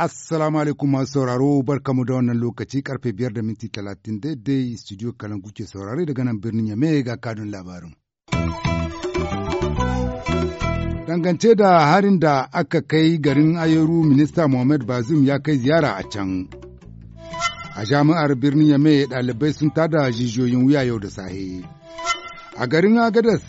Assalamu alaikum masu sauraro barkamu da wannan lokaci karfe biyar da minti talatin daidai studio Kalangu ke saurare daga nan birnin Yame ga kadun labarin. Dangance da harin da aka kai garin Ayeru, Minista Mohamed Bazoum ya kai ziyara a can. A jami'ar birnin Yame ɗalibai sun tada jijiyoyin wuya yau da sahe. A garin Agadas,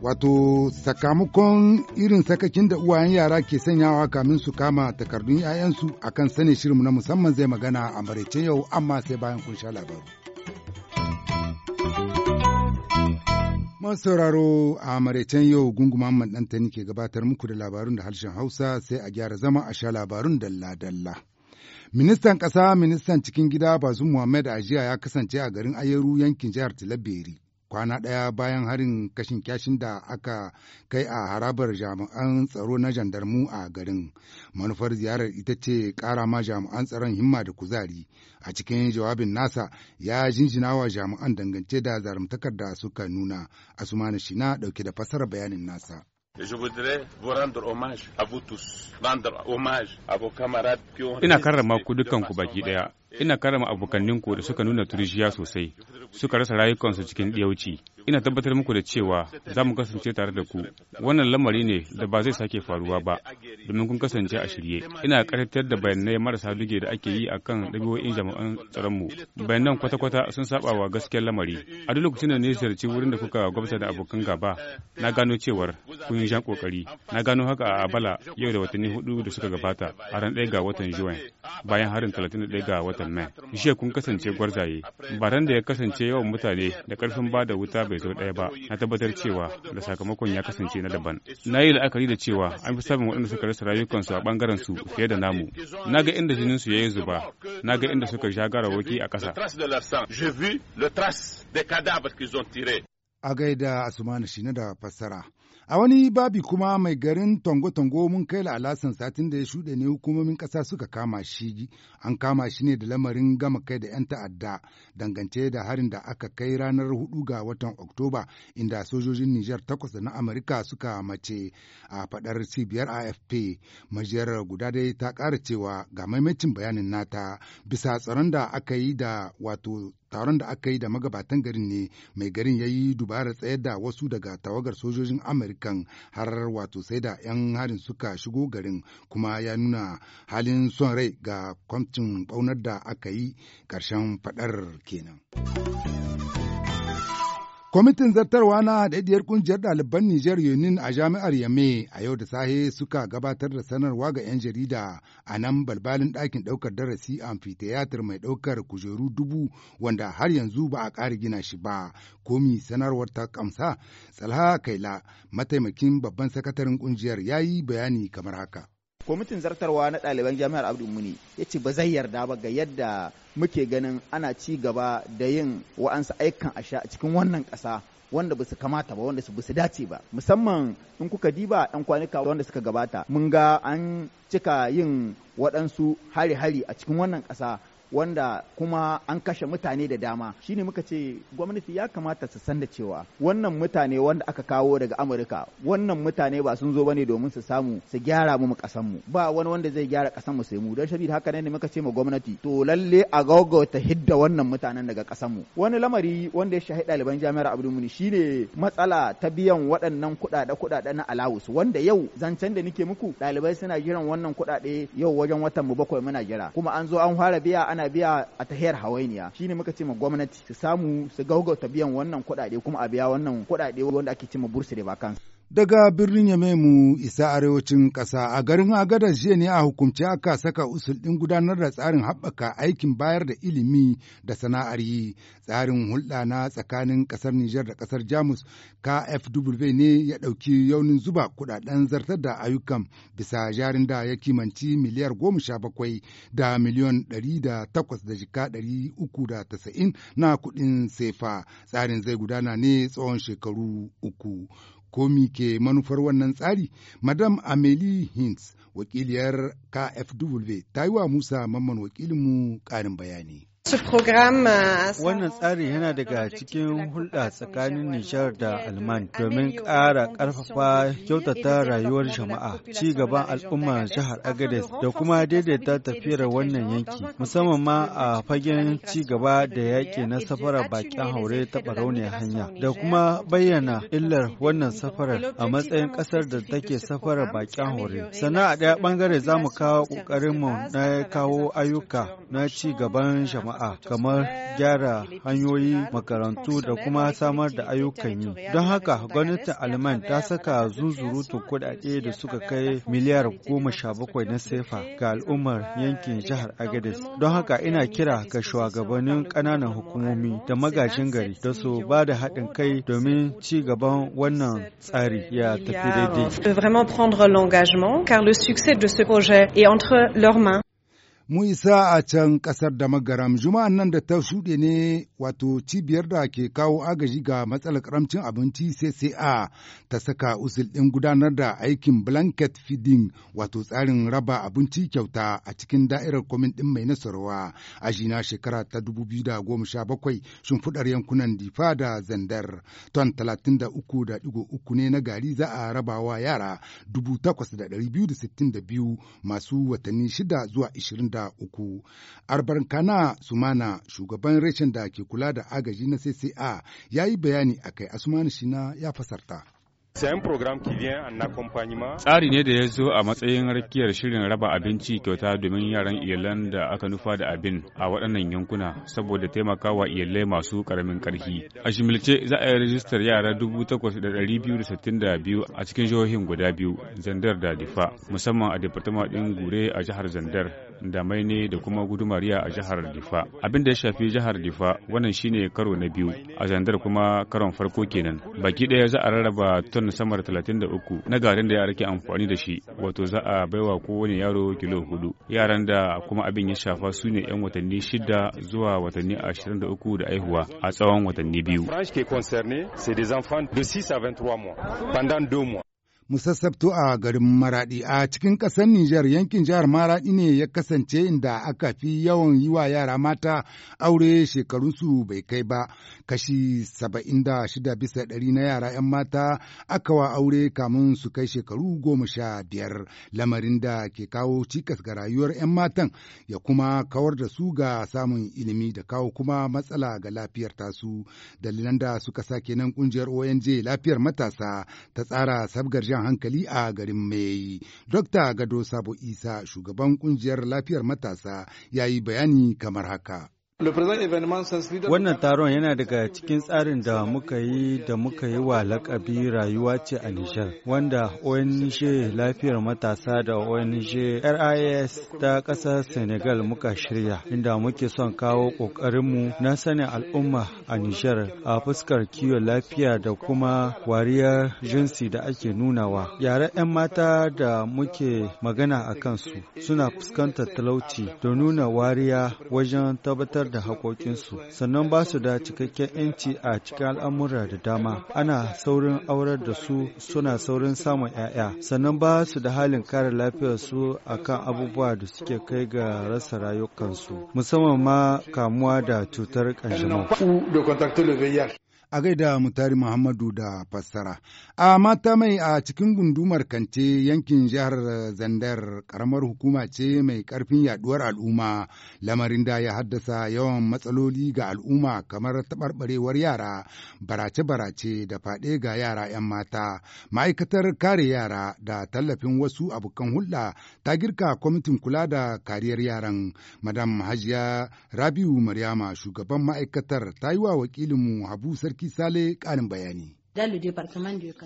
wato sakamakon irin sakakin da uwayen yara ke sanyawa kamin su kama takardun 'ya'yansu a kan sane shirin na musamman zai magana a maraicen yau amma sai bayan kun sha labaru. sauraro a maraicen yau gunguma mandanta ne ke gabatar muku da labarun da harshen Hausa sai a gyara zama a sha labarun dalla-dalla. Ministan ƙasa ministan cikin gida Bazum Muhammad Ajiya ya kasance a garin Ayeru yankin jihar Tilaberi. kwana ɗaya bayan harin kashin kyashin da aka kai a harabar jami'an tsaro na jandarmu a garin manufar ziyarar ita ce ƙara ma jami'an tsaron himma da kuzari a cikin jawabin nasa ya jinjina wa jami'an dangance da zarumtakar da suka nuna shi na ɗauke da fassarar bayanin nasa Ina karrama ku dukanku baki ɗaya Ina karama abokanninku da suka nuna turjiya sosai, suka rasa rayukansu cikin ɗiyauci. Ina tabbatar muku da cewa za mu kasance tare da ku. Wannan lamari ne da ba zai sake faruwa ba, domin kun kasance a shirye. Ina karatar da bayanai marasa duge da ake yi akan ɗabi'o'in jami'an mu Bayanan kwata-kwata sun saba wa gaskiyar lamari. A duk lokacin da ne ziyarci wurin da kuka gwamnati da abokan gaba, na gano cewar kun yi jan kokari. Na gano haka a Abala yau da watanni hudu da suka gabata a ran ɗaya ga watan Juwan, bayan harin 31 ga watan Salman. Jiya kun kasance gwarzaye. ba tan da ya kasance yawan mutane da karfin ba da wuta bai zo daya ba, na tabbatar cewa da sakamakon ya kasance na daban. Na yi la'akari da cewa an fi samun waɗanda suka rasa rayukansu a ɓangaren su fiye da namu. Na ga inda jinin su ya yi zuba, na ga inda suka sha garawaki a ƙasa. A gaida Asumani shi na da fassara. A wani babi kuma mai garin tango-tango mun kai alasan satin da ya shuɗe ne hukumomin ƙasa suka kama shi, an kama shi ne da lamarin gama kai da 'yan ta'adda dangance da harin da aka kai ranar hudu ga watan Oktoba inda sojojin Nijar takwas da na Amurka suka mace a faɗar cibiyar AFP. Majiyar guda dai ta ƙara cewa ga maimacin bayanin nata bisa tsaron da aka yi da wato taron da aka yi da magabatan garin ne mai garin ya yi dubarar tsayar da wasu daga tawagar sojojin amurkan har wato sai da 'yan harin suka shigo garin kuma ya nuna halin son rai ga kwamcin ɓaunar da aka yi ƙarshen faɗar kenan. Kwamitin zartarwa na haɗaɗɗiyar ƙungiyar ɗaliban Nijar Yunin a jami'ar Yame a yau da sahe suka gabatar da sanarwa ga 'yan jarida a nan balbalin ɗakin ɗaukar darasi amfiteyatar mai ɗaukar kujeru dubu wanda har yanzu ba a ƙara gina shi ba. Komi sanarwar ta kamsa, Tsalha Kaila, mataimakin babban sakataren ƙungiyar ya yi bayani kamar haka. kwamitin zartarwa na ɗaliban jami'ar abdul muni ya ce ba zai yarda ba ga yadda muke ganin ana ci gaba da yin wa'ansu aikan asha a cikin wannan ƙasa wanda ba su kamata ba wanda su dace ba musamman in kuka diba yan kwanuka wanda suka gabata mun ga an cika yin waɗansu hari-hari a cikin wannan ƙasa wanda kuma an kashe mutane da dama shine muka ce gwamnati ya kamata su san da cewa wannan mutane wanda aka kawo daga amurka wannan mutane ba sun zo bane domin su samu su gyara mu kasan mu ba wani wanda zai gyara kasan mu sai mu don saboda haka ne muka ce ma gwamnati to lalle a gaugauta hidda wannan mutanen daga kasan mu wani lamari wanda ya shahi ɗaliban jami'ar abdul shi ne matsala ta biyan waɗannan kuɗaɗe kuɗaɗe na alawus wanda yau zancen da nike muku ɗalibai suna jiran wannan kuɗaɗe yau wajen watan mu bakwai muna jira kuma an zo an fara biya ana biya a tahiyar hawainiya shine muka ce ma gwamnati su samu su gaugauta biyan wannan kuɗaɗe kuma a biya wannan kuɗaɗe wanda ake ce ma bursi da vacancy daga birnin Yame mu isa arewacin ƙasa a garin Agadar jiya ne a hukumce aka saka usul ɗin gudanar da tsarin haɓaka aikin bayar da ilimi da sana'ar yi tsarin hulɗa na tsakanin ƙasar Nijar da ƙasar Jamus KFW ne ya ɗauki yaunin zuba kuɗaɗen zartar da ayyukan bisa jarin da ya kimanci miliyar goma sha bakwai da miliyon ɗari da takwas da jika ɗari uku da tasa'in na kuɗin sefa tsarin zai gudana ne tsawon shekaru uku. komi ke manufar wannan tsari madam amelie hinz wakiliyar kfw ta yi wa musa mamman wakilinmu ƙarin bayani Uh, wannan tsari yana daga cikin hulɗa tsakanin Nijar da Alman domin ƙara ƙarfafa kyautata rayuwar jama'a, ci gaban al'ummar jihar Agades da kuma daidaita tafiyar wannan yanki, musamman ma a fagen ci gaba da yaƙi na safara bakin haure ta barauniyar hanya, da kuma bayyana illar wannan safarar a matsayin ƙasar da take safarar bakin haure. Sana'a a ɗaya ɓangare za mu kawo ƙoƙarinmu na kawo ayyuka na ci gaban jama'a. jama'a kamar gyara hanyoyi makarantu da kuma samar da ayyukan yi. Don haka gwamnatin Alman ta saka zuzurutu kudade da suka kai miliyar goma sha bakwai na sefa ga al'ummar yankin jihar Agadez. Don haka ina kira ga shugabannin ƙananan hukumomi da magajin gari da su ba da haɗin kai domin ci gaban wannan tsari ya tafi daidai. vraiment prendre l'engagement car le succès de ce projet est entre leurs mains. Mu isa a can ƙasar da magaram juma'an nan da ta shuɗe ne wato cibiyar da ke kawo agaji ga matsalar karamcin abinci CCA ta saka usul ɗin gudanar da aikin blanket feeding wato tsarin raba abinci kyauta a cikin da'irar kwamin ɗin mai nasarwa a jina shekara ta 2017 shimfiɗar yankunan difa da zandar ton 33.3 ne na gari za a rabawa yara 8,262 masu watanni 6 zuwa 20 uku. Arbarkana Sumana, shugaban reshen da ke kula da agaji na CCA, ya yi bayani akai Asmanu Shina ya fasarta. Tsari ne da ya zo a matsayin rakiyar shirin raba abinci kyauta domin yaran iyalan da aka nufa da abin a waɗannan yankuna saboda taimakawa iyalai masu ƙaramin ƙarfi. A shimilce za a yi rajistar yara 8,262 a cikin jihohin guda biyu, Zandar da Difa, musamman a Departement ɗin Gure a jihar Zandar da maine da kuma gudumariya a jihar difa abin da ya shafi jihar difa wannan shine karo na biyu a zandar kuma karon farko kenan baki ɗaya za a rarraba ton samar 33 na garin da yara ke amfani da shi wato za a baiwa kowane yaro kilo hudu yaran da kuma abin ya shafa su ne yan watanni shida zuwa watanni 23 da aihuwa a tsawon watanni biyu. musassabtu a garin Maradi a cikin ƙasar Nijar yankin jihar Maradi ne ya kasance inda aka fi yawan yi wa yara mata aure shekarunsu bai kai ba kashi saba'in da shida bisa ɗari na yara 'yan mata aka wa aure kamun su kai shekaru goma sha biyar lamarin da ke kawo cikas ga rayuwar 'yan matan ya kuma kawar da su ga samun ilimi da kawo kuma matsala ga lafiyar tasu dalilan da suka sa kenan kungiyar ONG lafiyar matasa ta tsara sabgar jan hankali a garin mai dr gado sabo isa shugaban kungiyar lafiyar matasa ya yi bayani kamar haka Wannan taron yana daga cikin tsarin da muka yi da muka yi wa lakabi rayuwa ce a Nijar, wanda ONG lafiyar matasa da ONG RIS ta ƙasar Senegal muka shirya, inda muke son kawo ƙoƙarinmu na sanin al'umma a Nijar a fuskar kiwon lafiya da kuma wariyar jinsi da ake nunawa. yare 'yan mata da muke magana a kansu suna fuskantar talauci da nuna wariya wajen tabbatar da haƙoƙinsu sannan ba su da cikakken 'yanci a cikin al'amura da dama ana saurin aurar da su suna saurin samun 'ya'ya sannan ba su da halin kare lafiyarsu kan abubuwa da suke kai ga rasa rayukansu musamman ma kamuwa da cutar ƙanjamau a gaida mutari Muhammadu da fassara. A mata mai a cikin gundumar Kance yankin jihar Zandar karamar hukuma ce mai karfin yaduwar al'umma lamarin da ya haddasa yawan matsaloli ga al'umma kamar taɓarɓarewar yara, barace-barace da faɗe ga yara 'yan mata. Ma'aikatar kare yara da tallafin wasu abokan hulɗa ta girka kwamitin kula da kariyar yaran. Madam Hajiya Rabiu Maryama shugaban ma'aikatar ta yi wa wakilinmu Habu Sarki Sarki Sale ƙarin bayani.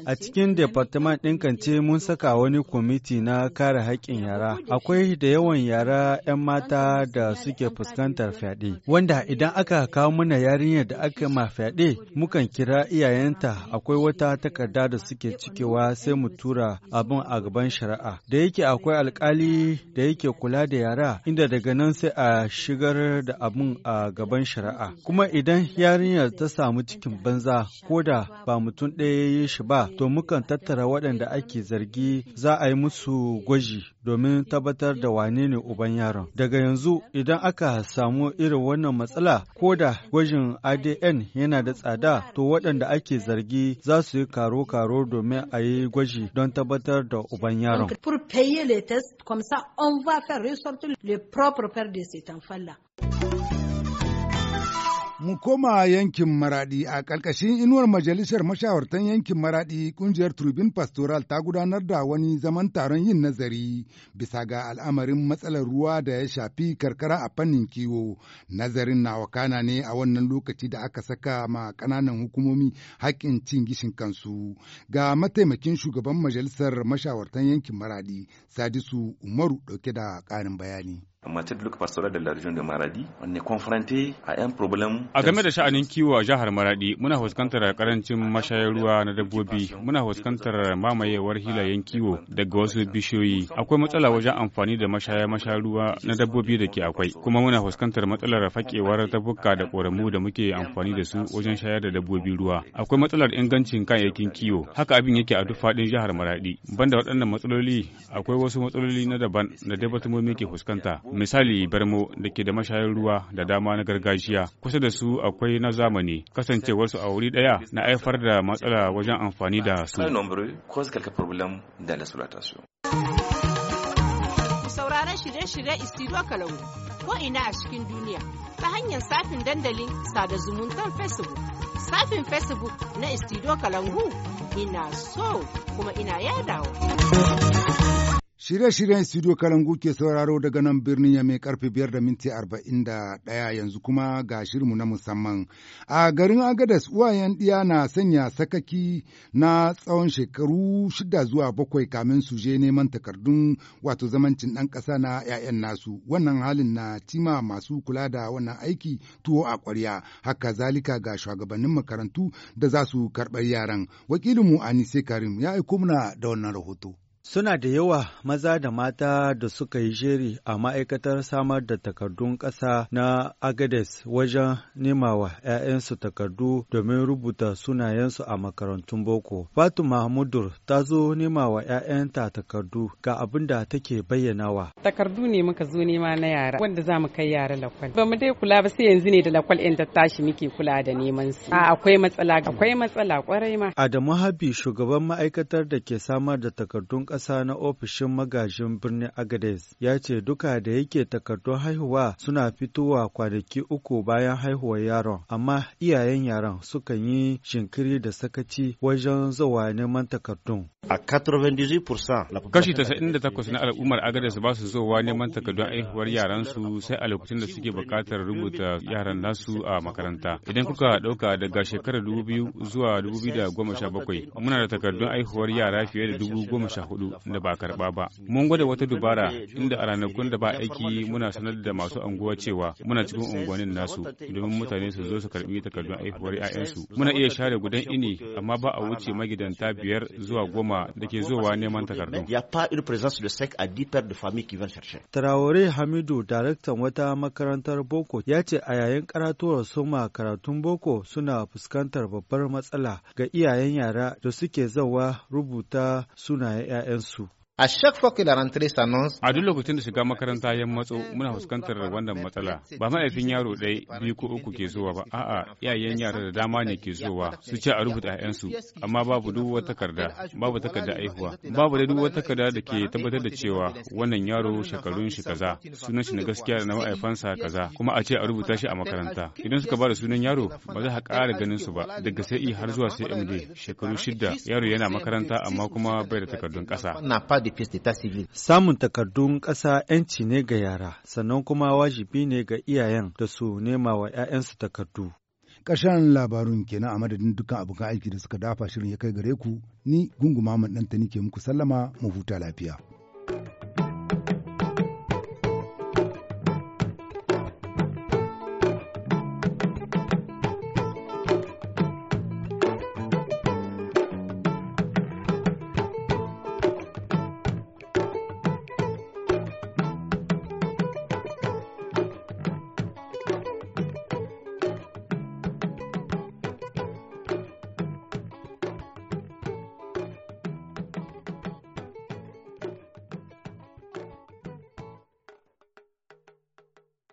A cikin departement ɗin kance mun saka wani kwamiti na kare haƙƙin yara. Akwai da yawan yara 'yan mata da suke fuskantar fyaɗe. Wanda idan aka kawo mana yarinyar da aka ma fyaɗe, mukan kira iyayenta akwai wata takarda da suke cikewa sai mu tura abin a gaban shari'a. Da yake akwai alkali da yake kula da yara, inda daga nan sai a shigar da abin a gaban shari'a. Kuma idan yarinyar ta samu cikin banza ko da ba mu mutum ɗaya ya yi shi ba, to mukan tattara waɗanda ake zargi za a yi musu gwaji domin tabbatar da wane ne uban yaron. Daga yanzu idan aka samu irin wannan matsala ko da gwajin ADN yana da tsada to waɗanda ake zargi za su yi karo-karo domin a yi gwaji don tabbatar da uban yaron. Mu koma yankin Maraɗi a ƙarƙashin inuwar Majalisar Mashawartan yankin Maraɗi ƙungiyar Turbin Pastoral ta gudanar da wani zaman taron yin nazari bisa ga al'amarin matsalar ruwa da ya shafi karkara a fannin kiwo. Nazarin na wakana ne a wannan lokaci da aka saka ma ƙananan hukumomi haƙƙin cin gishin kansu. Ga mataimakin shugaban Majalisar Mashawartan yankin Maraɗi Sadisu Umaru ɗauke da ƙarin bayani. matière de pastoral de la région de Maradi, on est confronté à un problème. A game da sha'anin kiwo a jihar Maradi, muna fuskantar karancin mashayar ruwa na dabbobi, muna fuskantar mamayewar hilayen kiwo daga wasu bishiyoyi. Akwai matsala wajen amfani da mashaya mashayar ruwa na dabbobi da ke akwai, kuma muna fuskantar matsalar fakewar tabbuka da ƙoramu da muke amfani da su wajen shayar da dabbobi ruwa. Akwai matsalar ingancin kayayyakin kiwo, haka abin yake a duk faɗin jihar Maradi. Banda waɗannan matsaloli, akwai wasu matsaloli na daban da dabatomomi ke fuskanta. misali Barmo da ke da mashayar ruwa da dama na gargajiya kusa da su akwai na zamani kasancewarsu a wuri daya na haifar da matsala wajen amfani da su. Sauraron shirye-shirye Istiro kalangu ko ina a cikin duniya ta hanyar safin dandalin sada zumuntar Facebook. Safin Facebook na Istiro Kalangu ina so kuma ina yadawa. Shirye-shiryen studio Kalangu ke sauraro daga nan birnin ya mai karfe biyar da minti arba'in da ɗaya yanzu kuma ga shirmu na musamman. A garin Agadas uwayen ɗiya na sanya sakaki na tsawon shekaru shida zuwa bakwai kamin su je neman takardun wato zamancin ɗan ƙasa na 'ya'yan nasu. Wannan halin na tima masu kula da wannan aiki tuwo a ƙwarya. Haka zalika ga shugabannin makarantu da za su karɓar yaran. Wakilinmu Anise Karim ya aiko mana da wannan rahoto. Suna da yawa maza da mata da suka yi jeri a ma'aikatar samar da takardun ƙasa na Agades wajen nemawa 'ya'yansu takardu domin rubuta sunayensu a makarantun boko. Fatima Mahmudur ta zo nemawa 'ya'yanta takardu ga abin da take bayyanawa. Takardu ne muka zo nema na yara wanda za mu kai yara lakwal. Ba mu dai kula ba sai yanzu ne da lakwal 'yan tashi muke kula da neman su. akwai matsala akwai matsala kwarai ma. Adamu Habi shugaban ma'aikatar da ke samar da takardun ƙasa na ofishin magajin birnin Agades ya ce duka da yake takardun haihuwa suna fitowa kwanaki uku bayan haihuwar yaron, amma iyayen yaron sukan yi shinkiri da sakaci wajen zuwa neman takardun. A 98% kashi 98 na al'ummar Agades ba su zowa neman takardun haihuwar yaransu sai a lokacin da suke bukatar rubuta yaran nasu a makaranta. Idan kuka ɗauka daga shekarar 2000 zuwa 2017 muna da takardun haihuwar yara fiye da hudu. takardu da ba karba ba mun gwada wata dubara inda a ranakun da ba aiki muna sanar da masu anguwa cewa muna cikin unguwannin nasu domin mutane su zo su karbi takardun aihuwar 'ya'yansu muna iya share gudan ini amma ba a wuce magidanta biyar zuwa goma da ke zuwa neman takardun Traore Hamidu daraktan wata makarantar boko ya ce a yayin karatuwar soma karatun boko suna fuskantar babbar matsala ga iyayen yara da suke zawa rubuta sunayen 'ya'yan balanço A chaque fois que la rentrée s'annonce. A duk lokacin da shiga makaranta ya matso muna fuskantar wannan matsala. Ba ma'aifin yaro ɗaya biyu ko uku ke zuwa ba, a'a 'ya'yan yara da dama ne ke zuwa su ce a rubuta 'ya'yansu. amma babu duk wata takarda, babu takarda aihuwa, babu da duk wata takarda da ke tabbatar da cewa wannan yaro shekarun shi kaza, sunan shi na gaskiya da na ma'aifansa kaza, kuma a ce a rubuta shi a makaranta. Idan suka bada sunan yaro ba za a ƙara ganin su ba, daga sai har zuwa sai MD shekaru shida yaro yana makaranta amma kuma bai da takardun ƙasa. pièces d'état civil. Samun takardun ƙasa 'yanci ne ga yara, sannan kuma wajibi ne ga iyayen da su nema wa 'ya'yansu takardu. Ƙarshen labarun kenan a madadin dukkan abokan aiki da suka dafa shirin ya kai gare ku, ni gunguma ɗanta ke muku sallama mu huta lafiya.